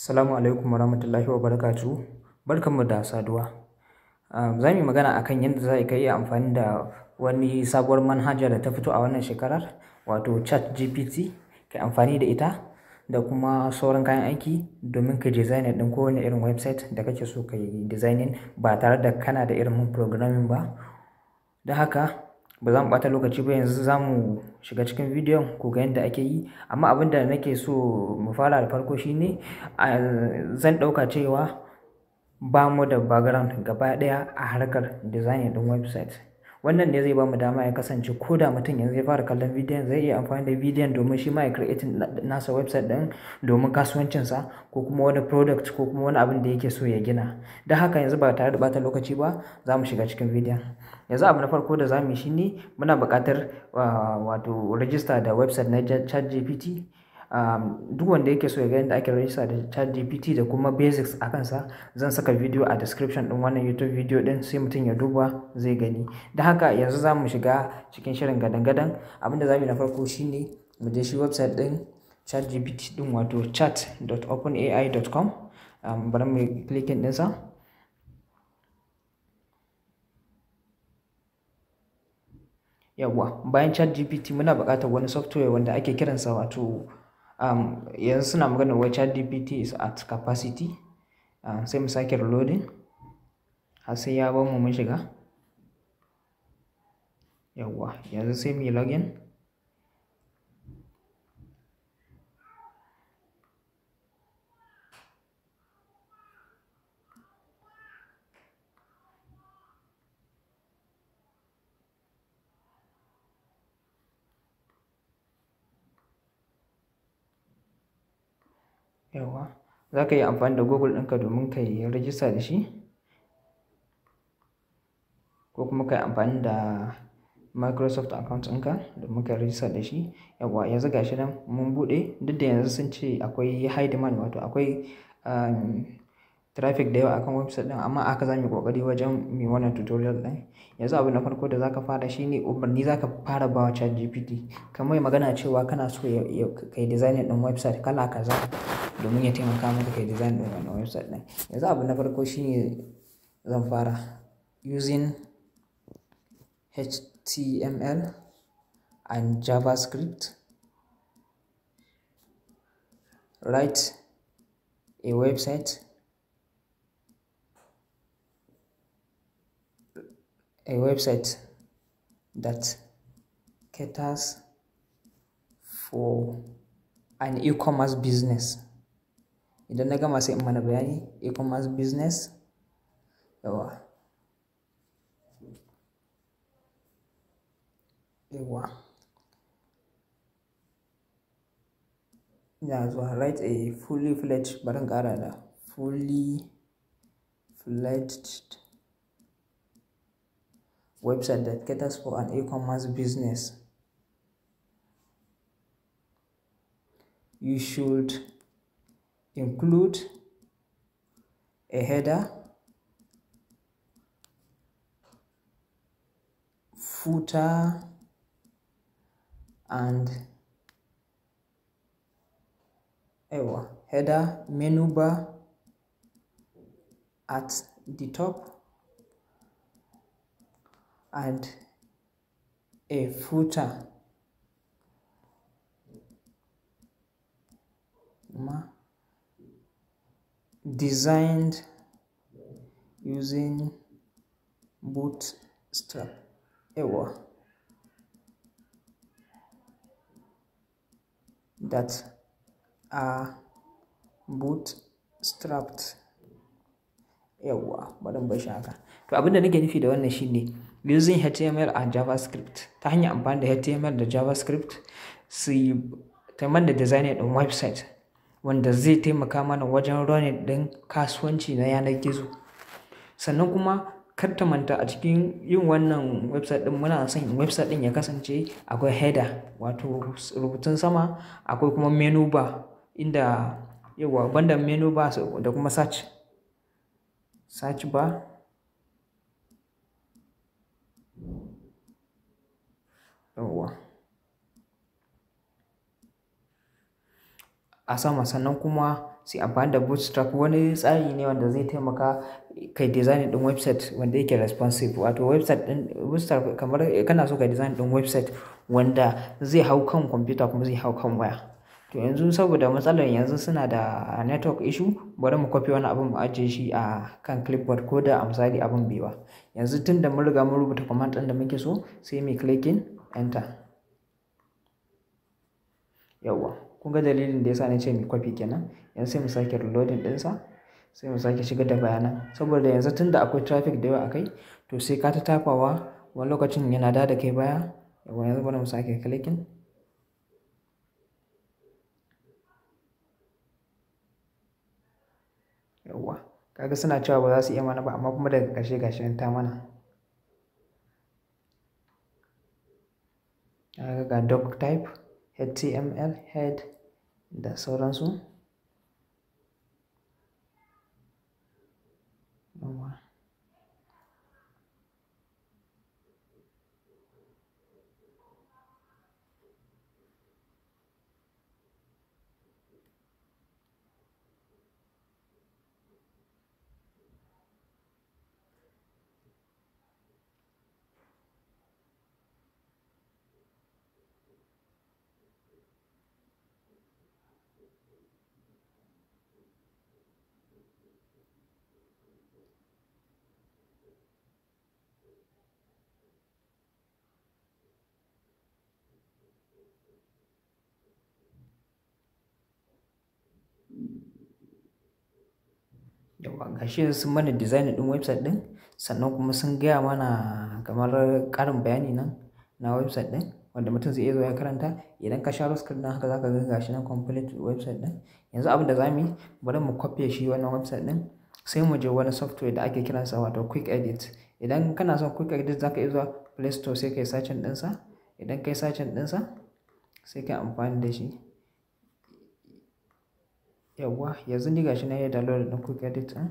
Salamu alaikum warahmatullahi wabarakatuh. Barkanmu da saduwa. Um, za mu magana akan yadda za ka iya amfani da wani sabuwar manhaja da ta fito a wannan shekarar, wato Chat GPT, ka amfani da ita da kuma sauran kayan aiki domin ka design ɗin kowane irin website da kake so ka yi designing ba tare da kana da irin programming ba. da haka ba za mu ɓata lokaci ba yanzu za mu shiga cikin bidiyon ku ga yadda ake yi amma abin da nake so mu fara da farko shine zan ɗauka cewa ba mu da background gaba ɗaya a harkar design ɗin website wannan ne zai ba mu dama ya kasance ko da mutum yanzu ya fara kallon bidiyon zai iya amfani da bidiyon domin shi ma ya creating nasa website din domin kasuwancinsa ko kuma wani product ko kuma wani abin da yake so ya gina don haka yanzu ba tare da bata lokaci ba za mu shiga cikin bidiyon yanzu abu na farko da zamu yi shine muna buƙatar wato register da website na ChatGPT duk wanda yake so ya ga da ake register da ChatGPT da kuma basics a kansa zan saka video a description din wannan YouTube video din sai mutum ya duba zai gani da haka yanzu zamu shiga cikin shirin gadan-gadan abinda zamu yi na farko shine mu je shi website din ChatGPT din wato chat.openai.com um, bari mu clicking ɗinsa yawwa bayan chat gpt muna buƙatar wani software wanda ake kiransa wato um, yanzu suna magana wai chat gpt is at capacity uh, sai mu sake reloading har sai ya bamu mun shiga yawwa yanzu sai mu login Yawa za ka yi amfani da google ɗinka domin ka yi rijista da shi ko kuma ka yi amfani da microsoft account ɗinka domin ka rajista da shi yawa yanzu ga shi nan mun buɗe duk da yanzu sun ce akwai high demand wato akwai um, traffic da yawa akan website din amma aka za kokari wajen mi wannan tutorial din yanzu abu na farko da zaka fara shine umarni zaka fara ba wa chat gpt kamar magana cewa kana so kai design ɗin website kala kaza domin ya taimaka maka kai design ɗin wannan website din yanzu abu na farko shine zan fara using html and javascript write a website a website that caters for an e-commerce business idan na gama sai in mana bayani e-commerce business yawa yawa ina zuwa write eh, a fully fledged barin kara da fully fledged website that caters for an e-commerce business you should include a header footer and ewa header menu bar at the top and a footer designed using bootstrap ewa that are bootstrapped ewa barin bashi shaka to abinda nake nufi da wannan shine using HTML and JavaScript ta hanyar amfani da HTML da JavaScript su yi taimakon da designer ɗin website wanda zai taimaka mana wajen running ɗin kasuwanci na yanar gizo sannan kuma kar ta manta a cikin yin wannan website ɗin muna son website ɗin ya kasance akwai header wato rubutun sama akwai kuma menu bar inda yawa banda menu bar da kuma search search bar yauwa a sama sannan kuma sai amfani da bootstrap wani tsari ne wanda zai taimaka kai design din website wanda yake responsive wato website din bootstrap kamar kana so kai design din website wanda zai hau kan computer kuma zai hau kan waya to yanzu saboda matsalar yanzu suna da network issue bari mu kwafi wani abin mu ajiye shi a kan clipboard ko da a misali abin bewa yanzu tun da mun riga mun rubuta command din da muke so sai mu clicking enter yawa kun ga dalilin da yasa na ce mai kwafi kenan yanzu sai mu sake reloading ɗinsa sai mu sake shigar da bayanan saboda yanzu tunda akwai traffic da yawa akai to sai ka ta tafawa wani lokacin yana da da kai baya yawa yanzu bari mu sake clicking yawa kaga suna cewa ba za su iya mana ba amma kuma daga ƙarshe gashi ta mana ga doc type html head da sauransu gashi sun mana design ɗin website ɗin sannan kuma sun gaya mana kamar ƙarin bayani nan na website ɗin wanda mutum zai iya zo ya karanta idan ka share screen nan haka zaka ga gashi nan complete website ɗin yanzu abin da zamu yi bari mu copy shi wannan website ɗin sai mu je wani software da ake kiransa wato quick edit idan kana son quick edit zaka iya zuwa play store sai kai searching sa idan kai searching ɗinsa sai kai amfani da shi yawwa yanzu ni gashi na yi download na quick edit ɗin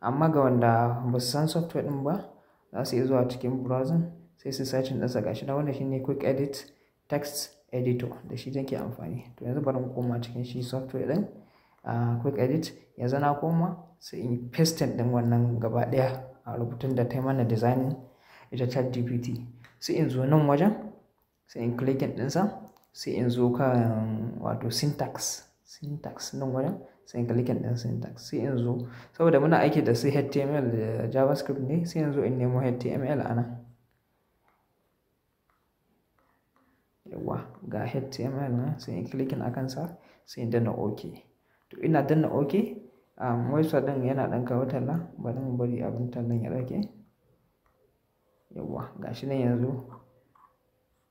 amma ga wanda ba su san software ɗin ba za su iya zuwa cikin browser sai su searching ɗinsa gashi na wanda shine quick edit text editor da shi take amfani to yanzu bari mu koma cikin shi software ɗin uh, quick edit yanzu na koma sai in yi pasting ɗin wannan gaba ɗaya a rubutun da ta yi mana designing ita chat gpt sai in zo nan wajen sai in clicking ɗinsa sai in zo kan wato syntax syntax nan wurin sai in klikin ɗin syntax sai in zo saboda muna aiki da su html da javascript ne sai in zo in nemo html ana yawa ga html na sai in klikin a kansa sai in danna ok to ina danna ok um, website ɗin yana ɗan kawo talla bari mu bari abin tallan ya ɗauke yawa gashi nan yanzu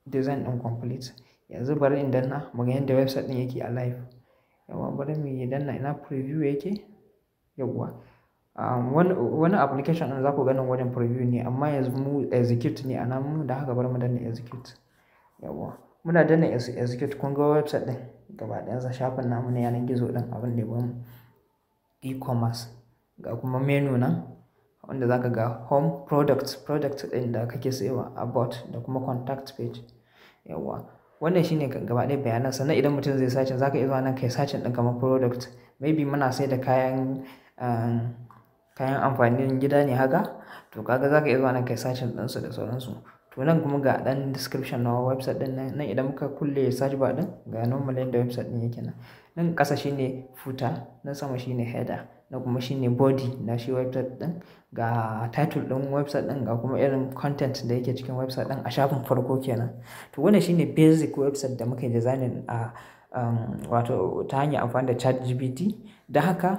design ɗin complete yanzu bari in danna mu ga yadda website ɗin yake a live yawa bari mu yi danna ina preview yake yawa um, wani application ɗin za ku ganin wajen preview ne amma yanzu mu execute ne a nan mu da haka bari mu danna execute yawa muna danna execute kun ga website ɗin gaba ɗayansa shafin namu na yanar gizo ɗin abin da ya e-commerce ga kuma menu nan wanda zaka ga home product product ɗin da kake sayewa about da kuma contact page yawa wannan shine gaba ɗaya bayanan sannan idan mutum zai sacin zaka iya zuwa nan kai sacin ɗin kamar product maybe muna sai da kayan um, kayan amfanin gida ne haka to kaga zaka iya zuwa nan kai sacin ɗinsu da sauransu to nan kuma ga dan description na website din nan nan idan muka kulle search bar din ga normal yadda website din yake nan nan ƙasa shine footer nan sama shine header na kuma shine body na shi website din ga title din website din ga kuma irin content da yake cikin website din a shafin farko kenan to wannan shine basic website da muka yi designing a um, wato ta hanyar amfani da chat gpt da haka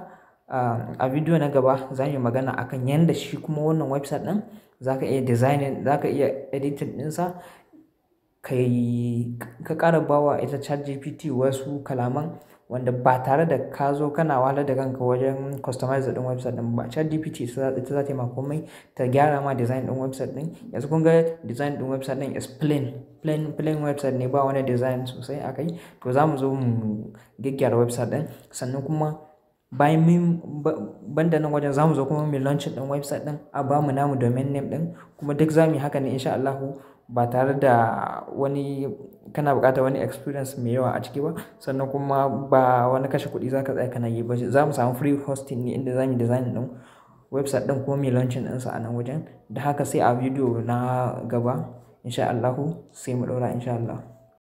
um, a bidiyo na gaba za yi magana akan yanda shi kuma wannan website din za ka iya designing zaka ka iya editing ɗinsa kai ka ƙara bawa ita chat gpt wasu kalaman wanda ba tare da ka zo kana wahalar da kanka wajen customize din website din ba chat gpt ita za ta ma komai ta gyara ma design din website din yanzu kun ga design din website din is plain plain plain website ne ba wani design sosai akai to za mu zo mu gyaggyara website din sannan kuma bayan min banda nan wajen zamu zo kuma mu launch din website din a ba mu namu domain name din kuma duk zamu yi haka ne insha Allah ba tare da wani kana buƙatar wani experience mai yawa a ciki ba sannan kuma ba wani kashe kuɗi za ka tsaya kana yi ba za mu samu free hosting ne inda za mu design ɗin website ɗin kuma mai launching ɗinsa a nan wajen da haka sai a video na gaba insha Allah sai mu ɗaura insha Allah